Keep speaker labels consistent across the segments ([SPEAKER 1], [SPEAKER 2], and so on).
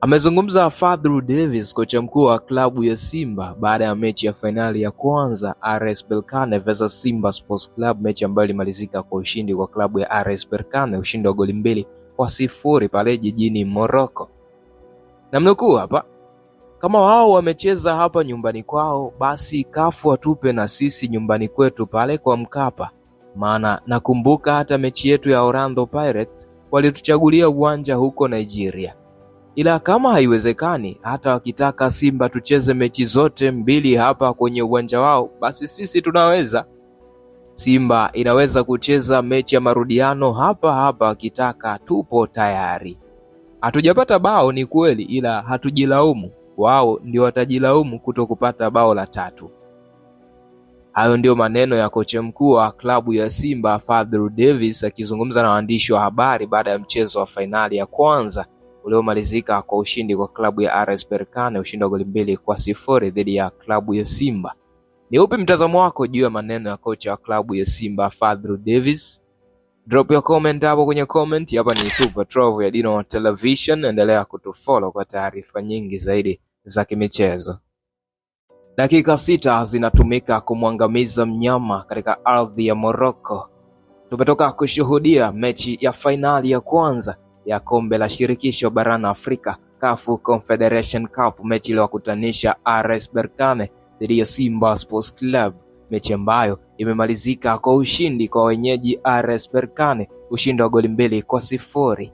[SPEAKER 1] Amezungumza Fadlu Davis kocha mkuu wa klabu ya Simba baada ya mechi ya fainali ya kwanza RS Berkane vs Simba Sports Club, mechi ambayo ilimalizika kwa ushindi kwa klabu ya RS Berkane, ushindi wa goli mbili kwa sifuri pale jijini Morocco. Namnukuu hapa: kama wao wamecheza hapa nyumbani kwao, basi kafu atupe na sisi nyumbani kwetu pale kwa Mkapa, maana nakumbuka hata mechi yetu ya Orlando Pirates walituchagulia uwanja huko Nigeria ila kama haiwezekani hata wakitaka Simba tucheze mechi zote mbili hapa kwenye uwanja wao, basi sisi tunaweza. Simba inaweza kucheza mechi ya marudiano hapa hapa wakitaka, tupo tayari. Hatujapata bao ni kweli, ila hatujilaumu, wao ndio watajilaumu kuto kupata bao la tatu. Hayo ndiyo maneno ya kocha mkuu wa klabu ya Simba Fadlu Davis akizungumza na waandishi wa habari baada ya mchezo wa fainali ya kwanza uliomalizika kwa ushindi kwa klabu ya RS Berkane, ushindi wa goli mbili kwa sifuri dhidi ya klabu ya Simba. Ni upi mtazamo wako juu ya maneno ya kocha wa klabu ya Simba Fadlu Davis? Drop your comment hapo kwenye comment. Hapa ni Super Trove ya Dino Television, endelea kutufollow kwa taarifa nyingi zaidi za kimichezo. Dakika sita zinatumika kumwangamiza mnyama katika ardhi ya Morocco. Tumetoka kushuhudia mechi ya fainali ya kwanza ya kombe la shirikisho barani Afrika CAF Confederation Cup, mechi iliyowakutanisha RS Berkane dhidi ya Simba Sports Club, mechi ambayo imemalizika kwa ushindi kwa wenyeji RS Berkane, ushindi wa goli mbili kwa sifuri.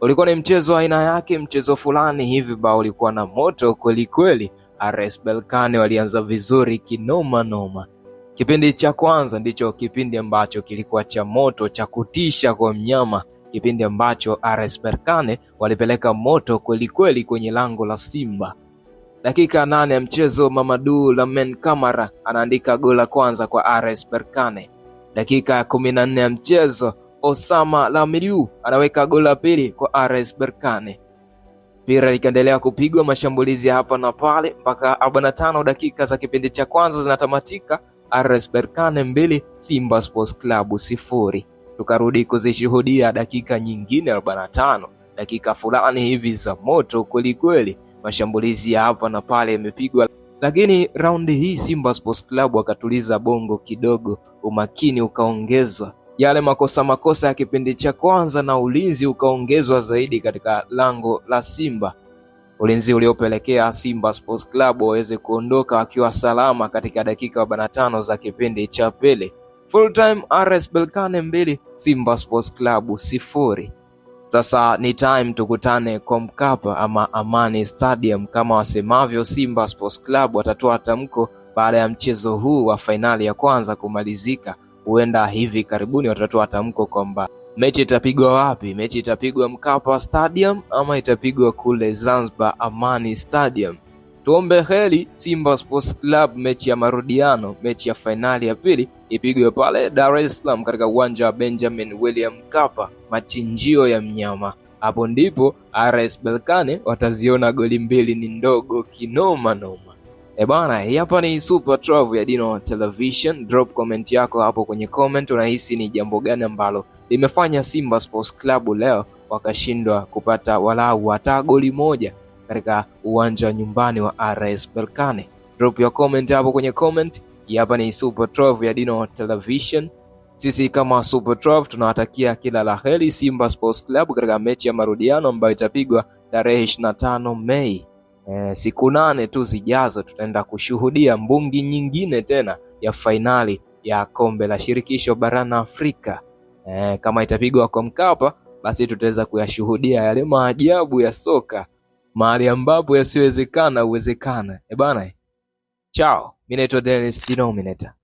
[SPEAKER 1] Ulikuwa ni mchezo wa aina yake, mchezo fulani hivi ba ulikuwa na moto kwelikweli. RS Berkane walianza vizuri kinoma noma. Kipindi cha kwanza ndicho kipindi ambacho kilikuwa cha moto cha kutisha kwa mnyama kipindi ambacho RS Berkane walipeleka moto kwelikweli kweli kwenye lango la Simba. Dakika nane ya mchezo, Mamadu Lamin Kamara anaandika goli la kwanza kwa RS Berkane. Dakika ya kumi na nne ya mchezo, Osama Lamiriu anaweka goli la pili kwa RS Berkane. Mpira likaendelea kupigwa mashambulizi hapa na pale mpaka 45 dakika za kipindi cha kwanza zinatamatika RS Berkane mbili Simba Sports Club sifuri tukarudi kuzishuhudia dakika nyingine 45 dakika fulani hivi za moto kweli kweli, mashambulizi ya hapa na pale yamepigwa, lakini raundi hii Simba Sports Club wakatuliza bongo kidogo, umakini ukaongezwa, yale makosa makosa ya kipindi cha kwanza na ulinzi ukaongezwa zaidi katika lango la Simba, ulinzi uliopelekea Simba Sports Club waweze kuondoka wakiwa salama katika dakika 45 za kipindi cha pili. Full Time RS Belkane mbili Simba Sports Club sifuri. Sasa ni time tukutane kwa Mkapa ama Amani Stadium kama wasemavyo Simba Sports Club watatoa tamko baada ya mchezo huu wa fainali ya kwanza kumalizika. Huenda hivi karibuni watatoa tamko kwamba mechi itapigwa wapi, mechi itapigwa Mkapa Stadium ama itapigwa kule Zanzibar Amani Stadium. Tuombe heli Simba Sports Club, mechi ya marudiano, mechi ya fainali ya pili ipigwe pale Dar es Salaam katika uwanja wa Benjamin William Mkapa, machinjio ya mnyama. Hapo ndipo RS Berkane wataziona goli mbili ni ndogo kinoma noma. E bana, hapa ni Super Travel ya Dino Television. Drop comment yako hapo kwenye comment, unahisi ni jambo gani ambalo limefanya Simba Sports Club leo wakashindwa kupata walau hata goli moja katika uwanja wa nyumbani wa RS Berkane. Drop your comment hapo kwenye comment. Hii hapa ni Super 12 ya Dino Television. Sisi kama Super 12 tunawatakia kila la heri Simba Sports Club katika mechi ya marudiano ambayo itapigwa tarehe 25 Mei. E, siku nane tu zijazo tutaenda kushuhudia mbungi nyingine tena ya fainali ya kombe la shirikisho barani Afrika. E, kama itapigwa kwa Mkapa basi tutaweza kuyashuhudia yale maajabu ya soka mahali ambapo yasiyowezekana uwezekana ebana chao mi naitwa dennis dinominator